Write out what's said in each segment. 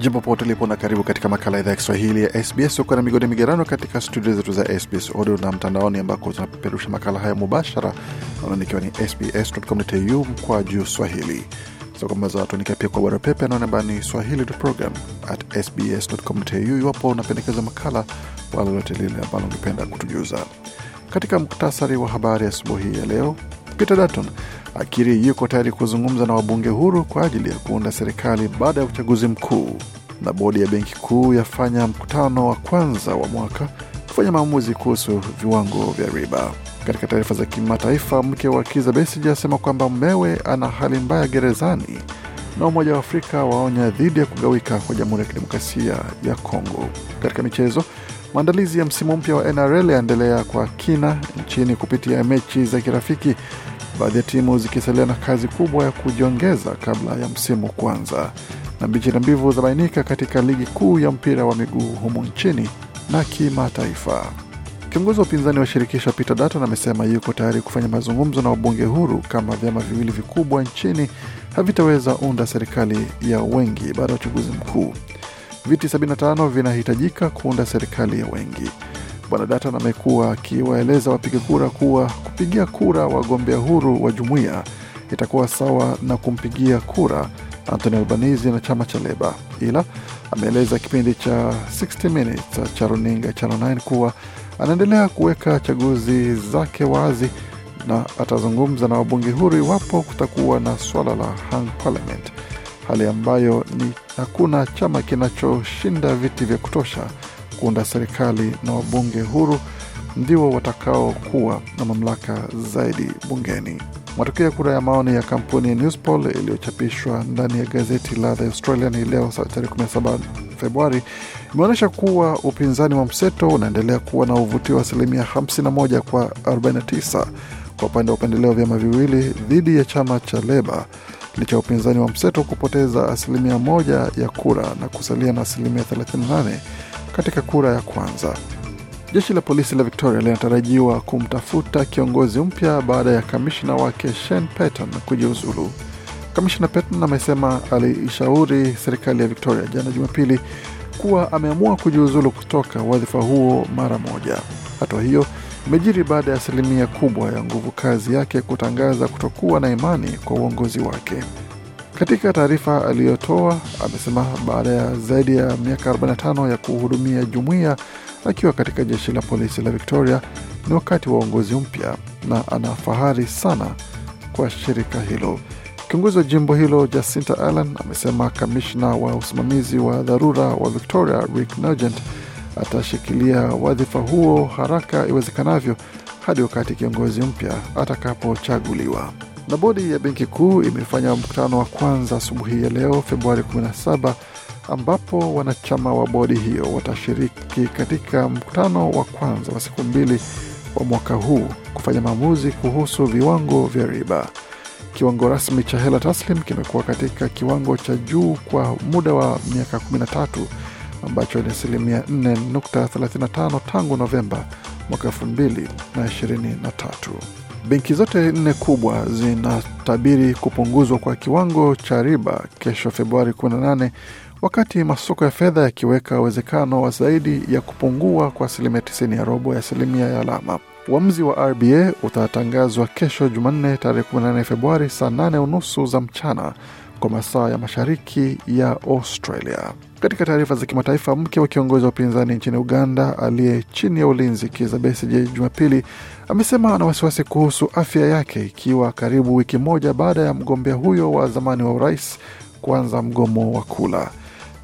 Jambo popote ulipo na karibu katika makala idhaa ya Kiswahili ya SBS huko na migodi migerano katika studio zetu za SBS audio na mtandaoni, ambako tunapeperusha makala haya mubashara anaonikiwa ni sbs.com.au mkwa juu swahili sakamazawatunika so, pia kwa barua pepe anaonamba ni swahili program at sbs.com.au iwapo unapendekeza makala wala lolote lile ambalo ungependa kutujuza. Katika muktasari wa habari asubuhi ya leo, Peter Dutton akiri yuko tayari kuzungumza na wabunge huru kwa ajili ya kuunda serikali baada ya uchaguzi mkuu na bodi ya benki kuu yafanya mkutano wa kwanza wa mwaka kufanya maamuzi kuhusu viwango vya riba. Katika taarifa za kimataifa, mke wa Kiza Besigye asema kwamba mmewe ana hali mbaya gerezani, na Umoja wa Afrika waonya dhidi ya kugawika kwa Jamhuri ya Kidemokrasia ya Kongo. Katika michezo, maandalizi ya msimu mpya wa NRL yaendelea kwa kina nchini kupitia mechi za kirafiki, baadhi ya timu zikisalia na kazi kubwa ya kujiongeza kabla ya msimu kuanza na bichi na mbivu zabainika katika ligi kuu ya mpira wa miguu humu nchini na kimataifa. Kiongozi wa upinzani wa shirikisho Peter Dutton amesema yuko tayari kufanya mazungumzo na wabunge huru kama vyama viwili vikubwa nchini havitaweza unda serikali ya wengi baada ya uchaguzi mkuu. Viti 75 vinahitajika kuunda serikali ya wengi. Bwana Dutton amekuwa akiwaeleza wapiga kura kuwa kupigia kura wagombea huru wa jumuiya itakuwa sawa na kumpigia kura Anthony Albanese na chama cha Leba, ila ameeleza kipindi cha 60 Minutes cha runinga cha 9 kuwa anaendelea kuweka chaguzi zake wazi na atazungumza na wabunge huru iwapo kutakuwa na swala la hung parliament, hali ambayo ni hakuna chama kinachoshinda viti vya kutosha kuunda serikali na wabunge huru ndio watakaokuwa na mamlaka zaidi bungeni. Matokeo ya kura ya maoni ya kampuni Newspoll iliyochapishwa ndani ya gazeti la The Australian hii leo tarehe 17 Februari imeonyesha kuwa upinzani wa mseto unaendelea kuwa na uvutio wa asilimia 51 kwa 49 kwa upande wa upendeleo vyama viwili dhidi ya chama cha Leba licha ya upinzani wa mseto kupoteza asilimia moja ya kura na kusalia na asilimia 38 katika kura ya kwanza. Jeshi la polisi la Victoria linatarajiwa kumtafuta kiongozi mpya baada ya kamishna wake Shane Patton kujiuzulu. Kamishna Patton amesema aliishauri serikali ya Victoria jana Jumapili kuwa ameamua kujiuzulu kutoka wadhifa huo mara moja. Hatua hiyo imejiri baada ya asilimia kubwa ya nguvu kazi yake kutangaza kutokuwa na imani kwa uongozi wake. Katika taarifa aliyotoa amesema baada ya zaidi ya miaka 45 ya kuhudumia jumuiya akiwa katika jeshi la polisi la Victoria, ni wakati wa uongozi mpya na ana fahari sana kwa shirika hilo. Kiongozi wa jimbo hilo Jacinta Allan amesema kamishna wa usimamizi wa dharura wa Victoria Rick Nugent atashikilia wadhifa huo haraka iwezekanavyo hadi wakati kiongozi mpya atakapochaguliwa. Na bodi ya benki kuu imefanya mkutano wa kwanza asubuhi ya leo Februari 17 ambapo wanachama wa bodi hiyo watashiriki katika mkutano wa kwanza wa siku mbili wa mwaka huu kufanya maamuzi kuhusu viwango vya riba. Kiwango rasmi cha hela taslim kimekuwa katika kiwango cha juu kwa muda wa miaka 13 ambacho ni asilimia 4.35 tangu Novemba mwaka 2023. Benki zote nne kubwa zinatabiri kupunguzwa kwa kiwango cha riba kesho Februari 18 wakati masoko ya fedha yakiweka uwezekano wa zaidi ya kupungua kwa asilimia 90 ya robo ya asilimia ya alama. Uamuzi wa RBA utatangazwa kesho Jumanne tarehe 18 Februari saa 8 unusu za mchana kwa masaa ya mashariki ya Australia. Katika taarifa za kimataifa, mke wa kiongozi wa upinzani nchini Uganda aliye chini ya ulinzi Kizza Besigye Jumapili amesema ana wasiwasi kuhusu afya yake, ikiwa karibu wiki moja baada ya mgombea huyo wa zamani wa urais kuanza mgomo wa kula.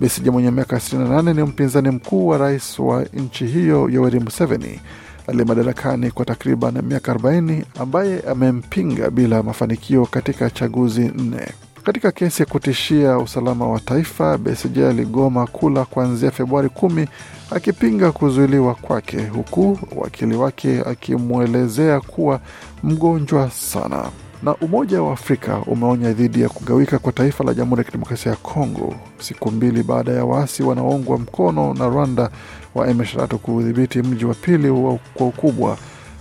Besigye mwenye miaka 68 ni mpinzani mkuu wa rais wa nchi hiyo Yoweri Museveni aliye madarakani kwa takriban miaka 40 ambaye amempinga bila mafanikio katika chaguzi nne. Katika kesi ya kutishia usalama wa taifa, Besigye aligoma kula kuanzia Februari kumi akipinga kuzuiliwa kwake, huku wakili wake akimwelezea kuwa mgonjwa sana. Na Umoja wa Afrika umeonya dhidi ya kugawika kwa taifa la Jamhuri ya Kidemokrasia ya Kongo siku mbili baada ya waasi wanaoungwa mkono na Rwanda wa M23 kuudhibiti mji wa pili kwa ukubwa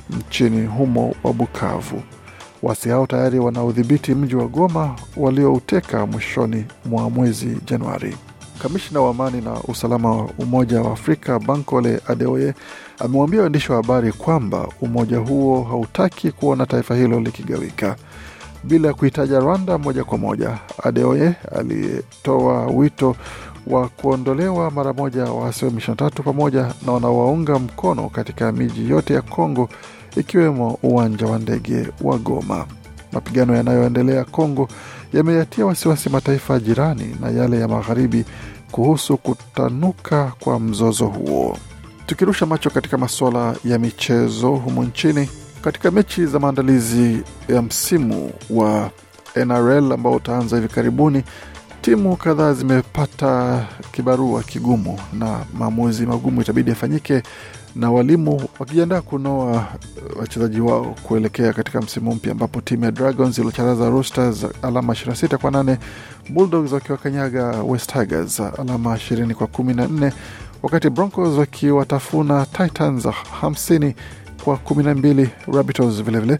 nchini humo wa Bukavu. Waasi hao tayari wanaodhibiti mji wa Goma waliouteka mwishoni mwa mwezi Januari. Kamishna wa amani na usalama wa Umoja wa Afrika Bankole Adeoye amewaambia waandishi wa habari kwamba umoja huo hautaki kuona taifa hilo likigawika. Bila kuhitaja Rwanda moja kwa moja, Adeoye alitoa wito wa kuondolewa mara moja waasi wa M23 pamoja na wanaowaunga mkono katika miji yote ya Kongo ikiwemo uwanja wa ndege wa Goma. Mapigano yanayoendelea Kongo yameyatia wasiwasi mataifa jirani na yale ya magharibi kuhusu kutanuka kwa mzozo huo. Tukirusha macho katika masuala ya michezo humu nchini, katika mechi za maandalizi ya msimu wa NRL ambao utaanza hivi karibuni Timu kadhaa zimepata kibarua kigumu na maamuzi magumu itabidi yafanyike, na walimu wakijiandaa kunoa eh, wachezaji wao kuelekea katika msimu mpya, ambapo timu ya Dragons iliocharaza rosters alama 26 kwa 8, Bulldogs wakiwakanyaga West Tigers alama 20 kwa 14, wakati Broncos wakiwatafuna Titans 50 kwa 12, Rabbitohs vilevile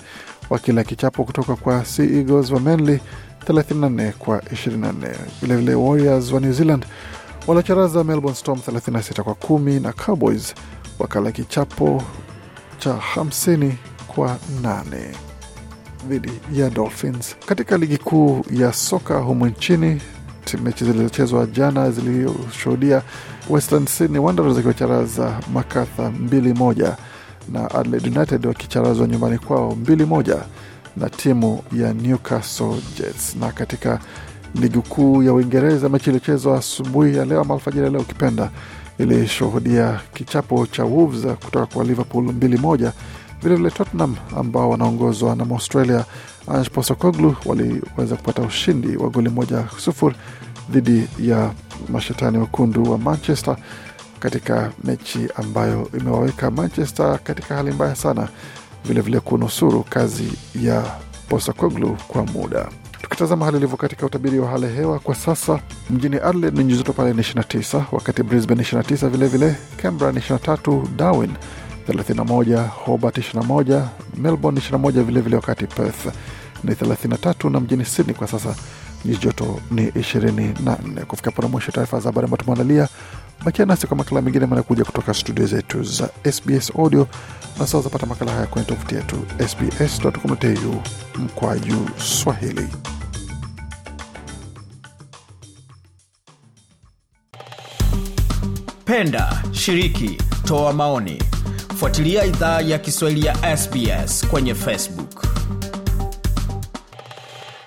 wakila kichapo kutoka kwa Sea Eagles wa Manly 34 kwa 24. Vilevile Warriors wa New Zealand waliocharaza Melbourne Storm 36 kwa 10 na Cowboys wakala kichapo cha 50 kwa 8 dhidi ya Dolphins. Katika ligi kuu ya soka humu nchini, mechi zilizochezwa jana zilizoshuhudia Western Sydney Wanderers zikiwacharaza Makatha 2 moja na Adelaide United wakicharazwa nyumbani kwao mbili moja na timu ya Newcastle Jets. Na katika ligi kuu ya Uingereza, mechi iliyochezwa asubuhi ya leo ama alfajiri ya leo ukipenda, ilishuhudia kichapo cha Wolves kutoka kwa Liverpool mbili moja. Vilevile Tottenham ambao wanaongozwa na Australia Ange Postecoglou waliweza kupata ushindi wa goli moja sufuri dhidi ya mashetani wekundu wa Manchester katika mechi ambayo imewaweka Manchester katika hali mbaya sana, vilevile kunusuru kazi ya Postecoglou kwa muda. Tukitazama hali ilivyo katika utabiri wa hali ya hewa kwa sasa, mjini Adelaide ni nyuzi joto pale ni 29, wakati Brisbane 29, vilevile vile, Canberra ni 23, Darwin 31, Hobart 21, Melbourne 21, vilevile vile wakati Perth ni 33 na mjini Sydney kwa sasa nyuzi joto ni 24. Kufika pona mwisho taarifa za habari ambayo tumeandalia. Bakia nasi kwa makala mengine manakuja kutoka studio zetu za SBS Audio na sasa zapata makala haya kwenye tovuti yetu sbs.com.au mkwaju Swahili. Penda, shiriki, toa maoni, fuatilia idhaa ya Kiswahili ya SBS kwenye Facebook.